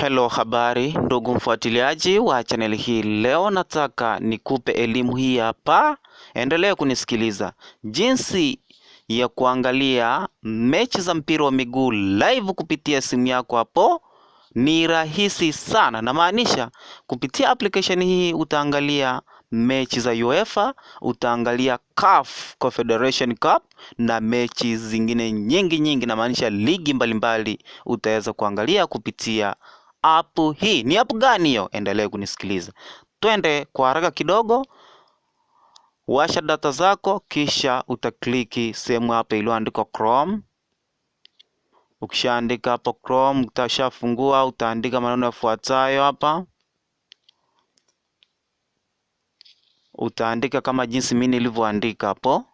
Hello, habari ndugu mfuatiliaji wa channel hii. Leo nataka nikupe elimu hii hapa, endelea kunisikiliza, jinsi ya kuangalia mechi za mpira wa miguu live kupitia simu yako. Hapo ni rahisi sana, namaanisha kupitia application hii utaangalia mechi za UEFA, utaangalia CAF Confederation Cup na mechi zingine nyingi nyingi, namaanisha ligi mbalimbali, utaweza kuangalia kupitia app hii. Ni app gani hiyo? Endelee kunisikiliza. Twende kwa haraka kidogo. Washa data zako, kisha utakliki sehemu hapa iliyoandikwa Chrome. Ukishaandika hapo Chrome, utashafungua, utaandika maneno yafuatayo hapa. Utaandika kama jinsi mimi nilivyoandika hapo.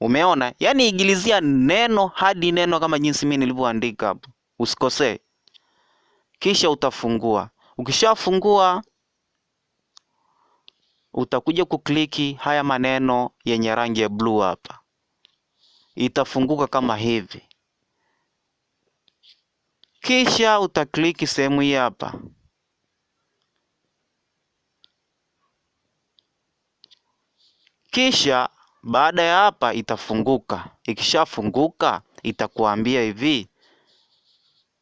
Umeona? Yaani igilizia neno hadi neno kama jinsi mimi nilivyoandika hapo. Usikosee kisha utafungua. Ukishafungua utakuja kukliki haya maneno yenye rangi ya bluu hapa, itafunguka kama hivi, kisha utakliki sehemu hii hapa. Kisha baada ya hapa itafunguka. Ikishafunguka itakuambia hivi,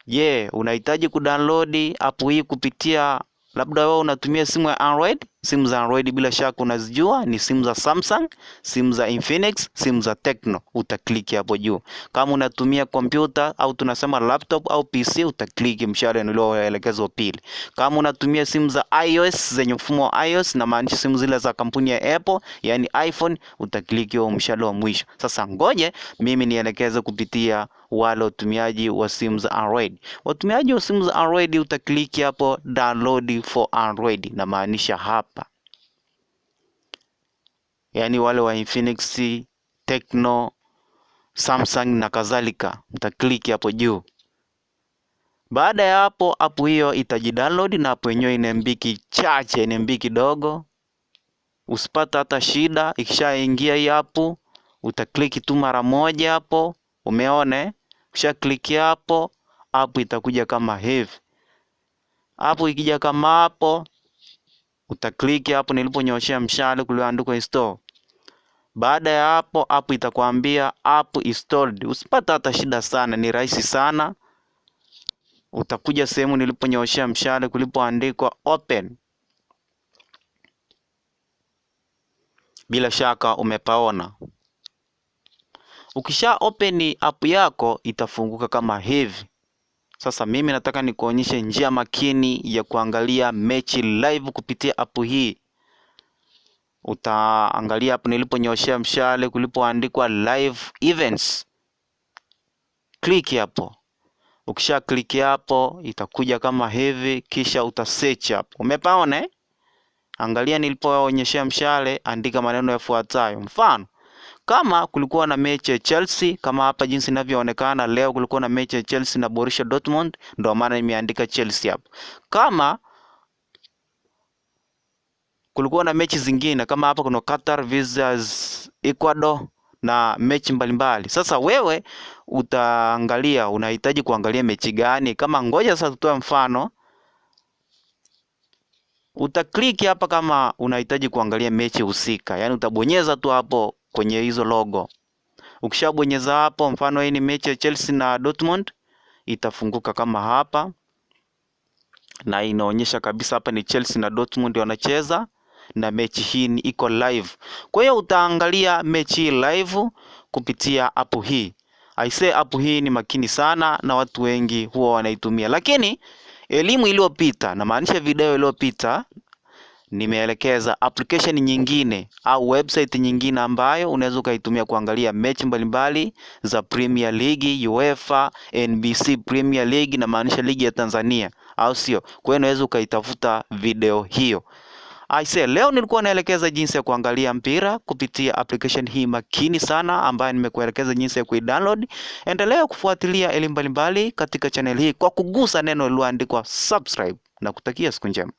Je, unahitaji kudownload app hii kupitia labda wewe unatumia simu ya Android? Simu za Android bila shaka unazijua, ni simu za Samsung, simu za Infinix, simu za Tecno. Utakliki hapo juu. Kama unatumia kompyuta au tunasema laptop au PC, utakliki mshale ulioelekezwa pili. Kama unatumia simu za iOS zenye mfumo wa iOS, na maanisha simu zile za kampuni ya Apple, yani iPhone, utakliki huo mshale wa mwisho. Sasa ngoje mimi nielekeze kupitia wale watumiaji wa simu za Android. Watumiaji wa simu za Android, utakliki hapo download for Android, na maanisha hapa yaani wale wa Infinix, Tecno, Samsung na kadhalika, mtakliki hapo juu. Baada ya hapo, app hiyo itajidownload na app yenyewe ina MB kichache, ina MB kidogo, usipata hata shida. Ikishaingia hii app utakliki tu mara moja hapo, umeona. Eh? Ukishakliki hapo, app itakuja kama hivi. App ikija kama hapo utakliki hapo niliponyoshea mshale kulioandikwa install. Baada ya hapo app itakwambia app installed. Usipata hata shida sana, ni rahisi sana. Utakuja sehemu niliponyoshea mshale kulipoandikwa open. Bila shaka umepaona. Ukisha open app yako itafunguka kama hivi. Sasa mimi nataka nikuonyeshe njia makini ya kuangalia mechi live kupitia app hii. Utaangalia hapo niliponyoshea mshale kulipoandikwa live events, click hapo. Ukisha click hapo, itakuja kama hivi, kisha utasearch hapo. Umepaona eh? Angalia nilipoonyeshea mshale, andika maneno yafuatayo, mfano kama kulikuwa na mechi ya Chelsea kama hapa jinsi inavyoonekana leo, kulikuwa na mechi ya Chelsea na Borussia Dortmund, ndio maana nimeandika Chelsea hapo. Kama kulikuwa na mechi zingine kama hapa kuna Qatar versus Ecuador na mechi mbalimbali mbali. Sasa wewe utaangalia unahitaji kuangalia mechi gani? Kama ngoja sasa tutoe mfano, utakliki hapa kama unahitaji kuangalia mechi husika, yaani utabonyeza tu hapo kwenye hizo logo. Ukishabonyeza hapo, mfano hii ni mechi ya Chelsea na Dortmund, itafunguka kama hapa, na inaonyesha kabisa hapa ni Chelsea na Dortmund wanacheza na mechi hii ni iko live. Kwa hiyo utaangalia mechi hii live kupitia app hii. Aise, app hii ni makini sana na watu wengi huwa wanaitumia, lakini elimu iliyopita, namaanisha video iliyopita nimeelekeza application nyingine au website nyingine ambayo unaweza ukaitumia kuangalia mechi mbalimbali za Premier League, UEFA, NBC Premier League, na maanisha ligi ya Tanzania, au sio? Kwa hiyo unaweza ukaitafuta video hiyo. I say, leo nilikuwa naelekeza jinsi ya kuangalia mpira kupitia application hii makini sana ambayo nimekuelekeza jinsi ya kuidownload. Endelea kufuatilia elimu mbalimbali katika channel hii kwa kugusa neno lililoandikwa subscribe na kutakia siku njema.